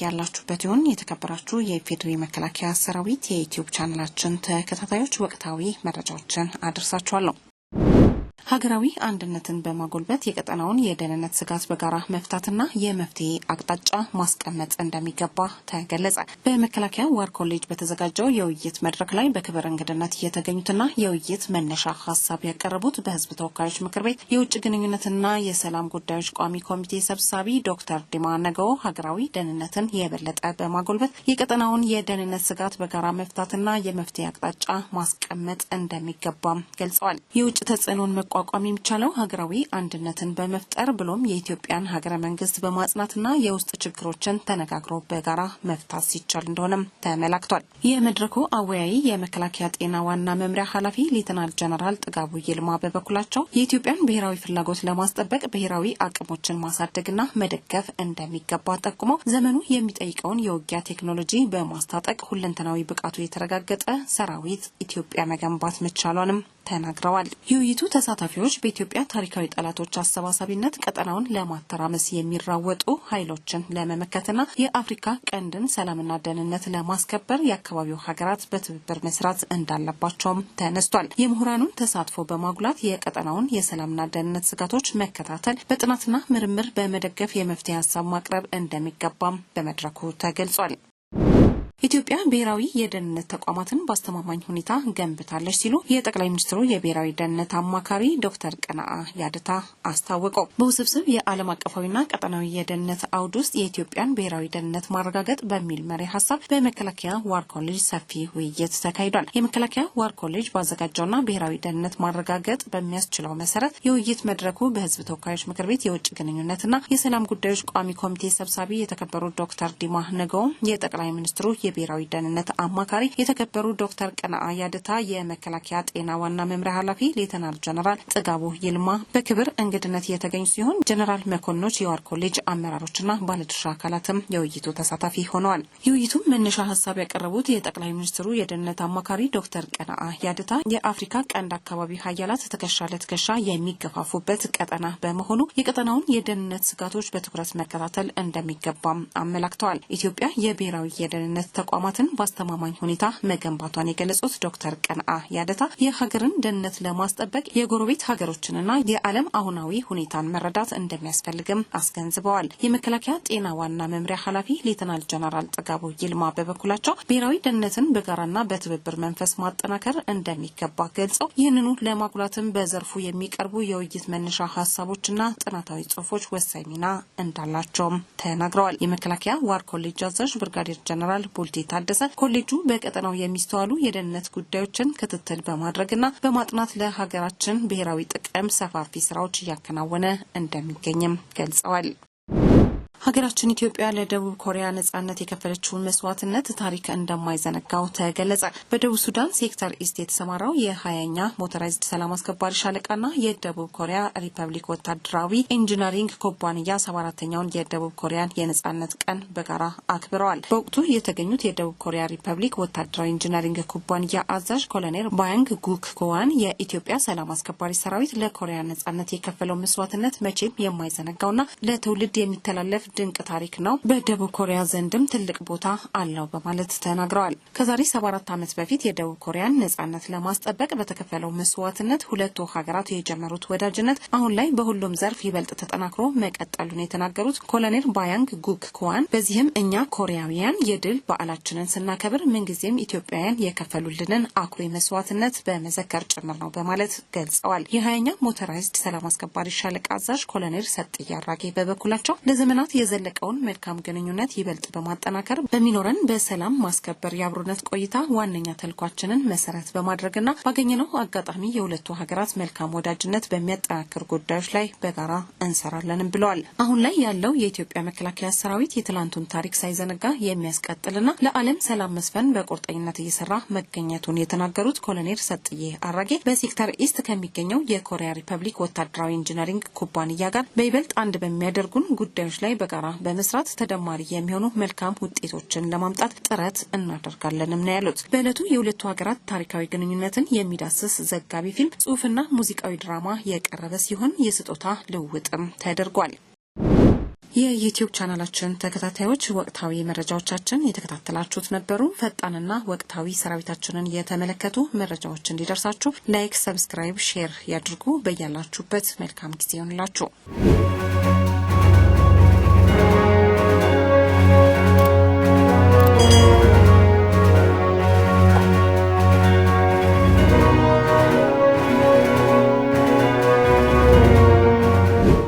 በያላችሁበት ይሁን። የተከበራችሁ የኢፌዴሪ መከላከያ ሰራዊት የዩቲዩብ ቻናላችን ተከታታዮች ወቅታዊ መረጃዎችን አድርሳችኋለሁ። ሀገራዊ አንድነትን በማጎልበት የቀጠናውን የደህንነት ስጋት በጋራ መፍታትና የመፍትሄ አቅጣጫ ማስቀመጥ እንደሚገባ ተገለጸ። በመከላከያ ዋር ኮሌጅ በተዘጋጀው የውይይት መድረክ ላይ በክብር እንግድነት የተገኙትና የውይይት መነሻ ሀሳብ ያቀረቡት በህዝብ ተወካዮች ምክር ቤት የውጭ ግንኙነትና የሰላም ጉዳዮች ቋሚ ኮሚቴ ሰብሳቢ ዶክተር ዲማ ነገው ሀገራዊ ደህንነትን የበለጠ በማጎልበት የቀጠናውን የደህንነት ስጋት በጋራ መፍታትና የመፍትሄ አቅጣጫ ማስቀመጥ እንደሚገባም ገልጸዋል። የውጭ ተጽዕኖን መቋቋም የሚቻለው ሀገራዊ አንድነትን በመፍጠር ብሎም የኢትዮጵያን ሀገረ መንግስት በማጽናትና የውስጥ ችግሮችን ተነጋግሮ በጋራ መፍታት ሲቻል እንደሆነም ተመላክቷል። የመድረኩ አወያይ የመከላከያ ጤና ዋና መምሪያ ኃላፊ ሌተናል ጀነራል ጥጋቡ ይልማ በበኩላቸው የኢትዮጵያን ብሔራዊ ፍላጎት ለማስጠበቅ ብሔራዊ አቅሞችን ማሳደግና መደገፍ እንደሚገባ ጠቁመው ዘመኑ የሚጠይቀውን የውጊያ ቴክኖሎጂ በማስታጠቅ ሁለንተናዊ ብቃቱ የተረጋገጠ ሰራዊት ኢትዮጵያ መገንባት መቻሏንም ተናግረዋል። የውይይቱ ተሳታፊዎች በኢትዮጵያ ታሪካዊ ጠላቶች አሰባሳቢነት ቀጠናውን ለማተራመስ የሚራወጡ ኃይሎችን ለመመከትና የአፍሪካ ቀንድን ሰላምና ደህንነት ለማስከበር የአካባቢው ሀገራት በትብብር መስራት እንዳለባቸውም ተነስቷል። የምሁራኑን ተሳትፎ በማጉላት የቀጠናውን የሰላምና ደህንነት ስጋቶች መከታተል፣ በጥናትና ምርምር በመደገፍ የመፍትሄ ሀሳብ ማቅረብ እንደሚገባም በመድረኩ ተገልጿል። ኢትዮጵያ ብሔራዊ የደህንነት ተቋማትን በአስተማማኝ ሁኔታ ገንብታለች ሲሉ የጠቅላይ ሚኒስትሩ የብሔራዊ ደህንነት አማካሪ ዶክተር ቀናአ ያደታ አስታወቀው። በውስብስብ የዓለም አቀፋዊና ቀጠናዊ የደህንነት አውድ ውስጥ የኢትዮጵያን ብሔራዊ ደህንነት ማረጋገጥ በሚል መሪ ሀሳብ በመከላከያ ዋር ኮሌጅ ሰፊ ውይይት ተካሂዷል። የመከላከያ ዋር ኮሌጅ ባዘጋጀውና ብሔራዊ ደህንነት ማረጋገጥ በሚያስችለው መሰረት የውይይት መድረኩ በህዝብ ተወካዮች ምክር ቤት የውጭ ግንኙነትና የሰላም ጉዳዮች ቋሚ ኮሚቴ ሰብሳቢ የተከበሩ ዶክተር ዲማ ነገውም የጠቅላይ ሚኒስትሩ የብሔራዊ ደህንነት አማካሪ የተከበሩ ዶክተር ቀነአ ያድታ የመከላከያ ጤና ዋና መምሪያ ኃላፊ ሌተናል ጀነራል ጥጋቡ ይልማ በክብር እንግድነት የተገኙ ሲሆን ጀነራል መኮንኖች የዋር ኮሌጅ አመራሮችና ባለድርሻ አካላትም የውይይቱ ተሳታፊ ሆነዋል። የውይይቱም መነሻ ሀሳብ ያቀረቡት የጠቅላይ ሚኒስትሩ የደህንነት አማካሪ ዶክተር ቀነአ ያድታ የአፍሪካ ቀንድ አካባቢ ሀያላት ትከሻ ለትከሻ የሚገፋፉበት ቀጠና በመሆኑ የቀጠናውን የደህንነት ስጋቶች በትኩረት መከታተል እንደሚገባም አመላክተዋል። ኢትዮጵያ የብሔራዊ የደህንነት ተቋማትን በአስተማማኝ ሁኔታ መገንባቷን የገለጹት ዶክተር ቀንአ ያደታ የሀገርን ደህንነት ለማስጠበቅ የጎረቤት ሀገሮችንና የዓለም አሁናዊ ሁኔታን መረዳት እንደሚያስፈልግም አስገንዝበዋል። የመከላከያ ጤና ዋና መምሪያ ኃላፊ ሌተናል ጀነራል ጥጋቡ ይልማ በበኩላቸው ብሔራዊ ደህንነትን በጋራና በትብብር መንፈስ ማጠናከር እንደሚገባ ገልጸው ይህንኑ ለማጉላትም በዘርፉ የሚቀርቡ የውይይት መነሻ ሀሳቦችና ጥናታዊ ጽሁፎች ወሳኝ ሚና እንዳላቸውም ተናግረዋል። የመከላከያ ዋር ኮሌጅ አዛዥ ብርጋዴር ጀነራል ቡል ወልዴ ታደሰ ኮሌጁ በቀጠናው የሚስተዋሉ የደህንነት ጉዳዮችን ክትትል በማድረግና በማጥናት ለሀገራችን ብሔራዊ ጥቅም ሰፋፊ ስራዎች እያከናወነ እንደሚገኝም ገልጸዋል። ሀገራችን ኢትዮጵያ ለደቡብ ኮሪያ ነጻነት የከፈለችውን መስዋዕትነት ታሪክ እንደማይዘነጋው ተገለጸ። በደቡብ ሱዳን ሴክተር ኢስት የተሰማራው የሀያኛ ሞተራይዝድ ሰላም አስከባሪ ሻለቃና የደቡብ ኮሪያ ሪፐብሊክ ወታደራዊ ኢንጂነሪንግ ኩባንያ ሰባ አራተኛውን የደቡብ ኮሪያን የነጻነት ቀን በጋራ አክብረዋል። በወቅቱ የተገኙት የደቡብ ኮሪያ ሪፐብሊክ ወታደራዊ ኢንጂነሪንግ ኩባንያ አዛዥ ኮሎኔል ባያንግ ጉክ ጎዋን የኢትዮጵያ ሰላም አስከባሪ ሰራዊት ለኮሪያ ነጻነት የከፈለው መስዋዕትነት መቼም የማይዘነጋውና ለትውልድ የሚተላለፍ ድንቅ ታሪክ ነው፣ በደቡብ ኮሪያ ዘንድም ትልቅ ቦታ አለው በማለት ተናግረዋል። ከዛሬ 74 ዓመት በፊት የደቡብ ኮሪያን ነጻነት ለማስጠበቅ በተከፈለው መስዋዕትነት ሁለቱ ሀገራት የጀመሩት ወዳጅነት አሁን ላይ በሁሉም ዘርፍ ይበልጥ ተጠናክሮ መቀጠሉን የተናገሩት ኮሎኔል ባያንግ ጉክ ኩዋን በዚህም እኛ ኮሪያውያን የድል በዓላችንን ስናከብር ምንጊዜም ኢትዮጵያውያን የከፈሉልንን አኩሪ መስዋዕትነት በመዘከር ጭምር ነው በማለት ገልጸዋል። የሀያኛ ሞተራይዝድ ሰላም አስከባሪ ሻለቃ አዛዥ ኮሎኔል ሰጥ እያራጌ በበኩላቸው ለዘመናት የዘለቀውን መልካም ግንኙነት ይበልጥ በማጠናከር በሚኖረን በሰላም ማስከበር የአብሮነት ቆይታ ዋነኛ ተልኳችንን መሰረት በማድረግና ባገኘነው አጋጣሚ የሁለቱ ሀገራት መልካም ወዳጅነት በሚያጠናክር ጉዳዮች ላይ በጋራ እንሰራለንም ብለዋል። አሁን ላይ ያለው የኢትዮጵያ መከላከያ ሰራዊት የትላንቱን ታሪክ ሳይዘነጋ የሚያስቀጥልና ለዓለም ሰላም መስፈን በቁርጠኝነት እየሰራ መገኘቱን የተናገሩት ኮሎኔል ሰጥዬ አራጌ በሴክተር ኢስት ከሚገኘው የኮሪያ ሪፐብሊክ ወታደራዊ ኢንጂነሪንግ ኩባንያ ጋር በይበልጥ አንድ በሚያደርጉን ጉዳዮች ላይ በጋራ በመስራት ተደማሪ የሚሆኑ መልካም ውጤቶችን ለማምጣት ጥረት እናደርጋለንም ነው ያሉት። በእለቱ የሁለቱ ሀገራት ታሪካዊ ግንኙነትን የሚዳስስ ዘጋቢ ፊልም፣ ጽሁፍና ሙዚቃዊ ድራማ የቀረበ ሲሆን የስጦታ ልውውጥም ተደርጓል። የዩቲዩብ ቻናላችን ተከታታዮች ወቅታዊ መረጃዎቻችን የተከታተላችሁት ነበሩ። ፈጣንና ወቅታዊ ሰራዊታችንን የተመለከቱ መረጃዎች እንዲደርሳችሁ ላይክ፣ ሰብስክራይብ፣ ሼር ያድርጉ። በያላችሁበት መልካም ጊዜ ይሆንላችሁ።